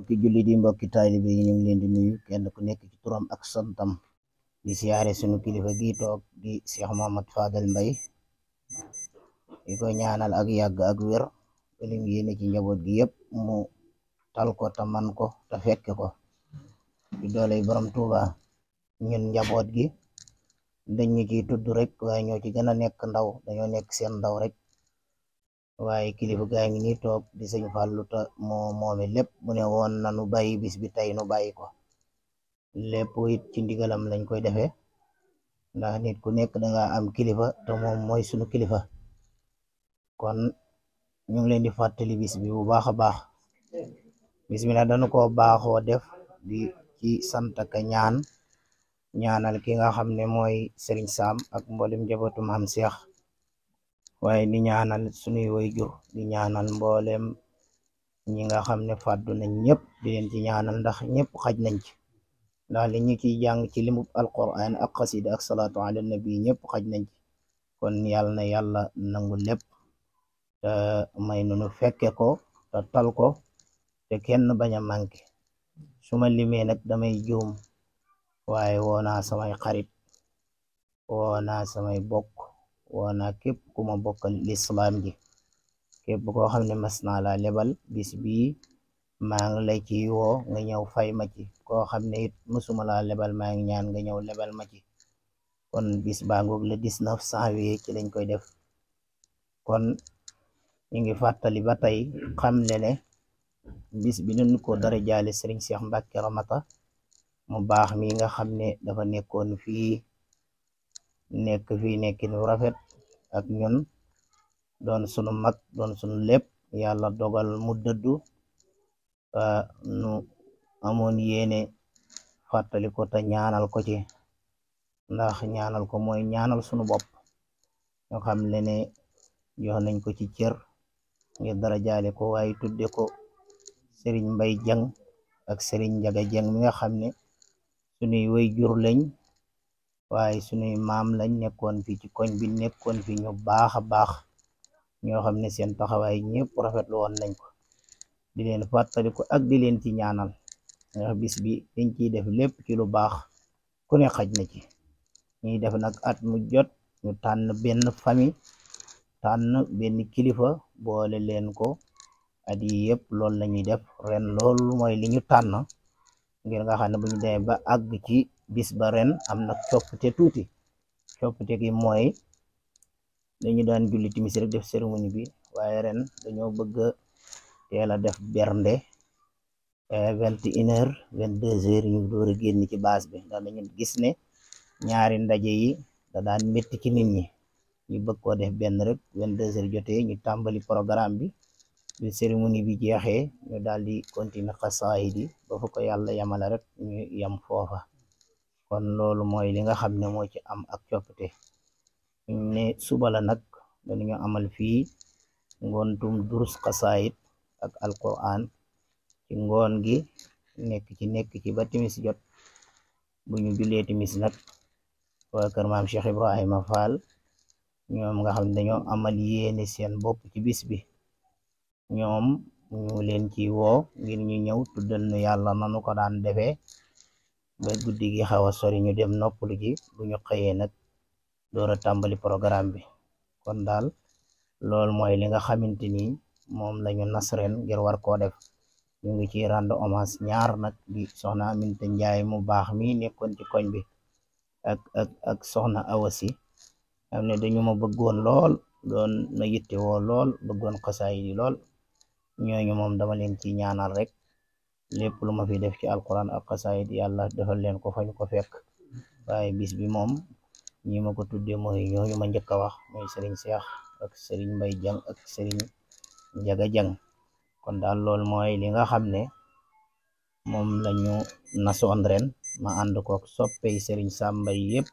mbokki jullit yi mbokki taalibe yi ñu ngi leen di nuyu kenn ku nekk ci turam ak santam di siyaare sunu kilifa gi toog di Cheikh Mohammed Fadel Mbaye di ko ñaanal ak yàgg ak wér lim yéene ci njaboot gi yëpp mu tal ko te man ko fekke ko di dooley borom Tuuba ñun njaboot gi dañ ñu ciy tudd rek waaye ñoo ci gën a nekk ndaw dañoo nekk seen ndaw rek waaye kilifa gaa ngi nii toog di sëñ Fallou ta moo moome lépp mu ne woon nanu bàyyi bis bi tey nu bàyyi ko lépp it ci ndigalam lañ koy defee ndax nit ku nekk da am kilifa te moom mooy sunu kilifa kon ñu ngi leen di fàttali bis bi bu baax a baax bismillah dañu ko baaxoo def di ci sant ak ñaan ñaanal ki nga xam ne mooy Serigne Sam ak mboolem njabootum xam Seex waaye di ñaanal sunuy wayjur di ñaanal mboolem ñi nga xam ne fàddu nañ ñëpp di leen ñaanal ndax ñëpp xaj nañ ci ndax li ñu ciy jàng ci limub alquran ak xasida ak salaatu ala nabi ñëpp xaj nañ ci kon yàlla na yàlla nangu lépp te may nunu fekke ko te tal ko te kenn bañ a manqué su ma limee nag damay juum waaye woonaa samay xarit woonaa samay bokk woona képp ku ma bokkal lislaam ji képp koo xam ne mas naa laa lebal bis bii maa ngi lay ci woo nga ñëw fay maci ci koo xam ne it mësuma laa lebal maa ngi ñaan nga ñëw lebal ma ci kon bis baa ngoog le 19 janvier ci lañ koy def kon ñu ngi fàttali ba tey xam le ne bis bi dañu ko dara jaale Serigne Cheikh Mbacke Ramata mu baax mi nga xam ne dafa nekkoon fii nek fi nekkin rafet ak ñun doon sunu mag doon sunu lepp yalla dogal mu dëddu nu amon yene fatale ko nyanal ñaanal ko ci ndax ñaanal ko moy ñaanal sunu bop ñu xam lene ne jox nañ ko ci cër ngir dara jaale ko way tudde ko Serigne mbay jang ak Serigne jaga jang mi nga xamne ne way jur lañ waaye sunuy maam lañ nekkoon fi ci koñ bi nekkoon fi ñu baax a baax ñoo xam ne seen taxawaay ñëpp rafetlu woon nañ ko di leen fàttaliku ak di leen ci ñaanal ndax bis bi dañ ciy def lépp ci lu baax ku ne xaj na ci ñuy def nag at mu jot ñu tànn benn famille tànn benn kilifa boole leen ko at yi yëpp loolu la ñuy def ren loolu mooy li ñu tànn ngir nga xam ne bu ba àgg ci bis ba ren am na coppite tuuti coppite gi mooy dañu daan julli timis rek def cérémonie bi waaye ren dañoo bëgg a teel a def bernde eh, vingt et une heure vingt deux heures ñu door a génn ci base bi ndax dañu gis ne ñaari ndaje yi da daan métti ci nit ñi ñu bëgg koo def benn rek vingt deux heures jotee ñu tàmbali programme bi bi cérémonie bi jeexee ñu daal di continuer xasaayid yi ba fa ko yàlla yamala rek ñu yam foofa kon loolu mooy li nga xam ne mooy ci am ak coppite ñu ne suba la nag dañu amal fii ngontum durus xasaayit ak alquran ci ngoon gi nekk ci nekk ci ba timis jot bu ñu julee timis nag waa kër maam Cheikh Ibrahima Fall ñoom nga xam ne dañoo amal yéene seen bopp ci bis bi ñoom ñu leen ci woo ngir ñu ñëw tuddal nu yàlla nanu ko daan defee ba guddi gi xaw a sori ñu dem noppalu ji bu ñu xëyee nag door a tàmbali programme bi kon daal loolu mooy li nga xamante ni moom lañu nas ngir war koo def ñu ngi ci rendre hommage ñaar nag di soxna Aminta Njaay mu baax mi nekkoon ci koñ bi ak ak soxna Awasi am ne dañu ma bëggoon lool doon ma yittewoo lool bëggoon xasaay yi lool ñooñu moom dama leen ci ñaanal rek lepp lu ma fi def ci alquran ak xasaayid yàlla defal len ko fañ ko fek waye bis bi mom ñi mako tuddé moy ñoo ñu ma ñëk wax moy serigne cheikh ak serigne Mbay Jang ak serigne Njaga Jang kon daal loolu moy li nga xamné mom lañu nasoon ren ma ko ak soppey serigne Sàmba yépp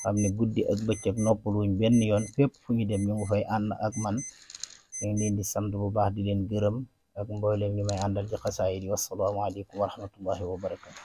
xam ne guddi ak bëccëg noppaluñ benn yoon fépp fu ñu dem ñu fay and ak man ñi leen di sant bu baax di leen gërëm ak mbooleem ñu may àndal ci xasaayid yi wassalaamu aleykum wa rahmatullahi wa barakatuh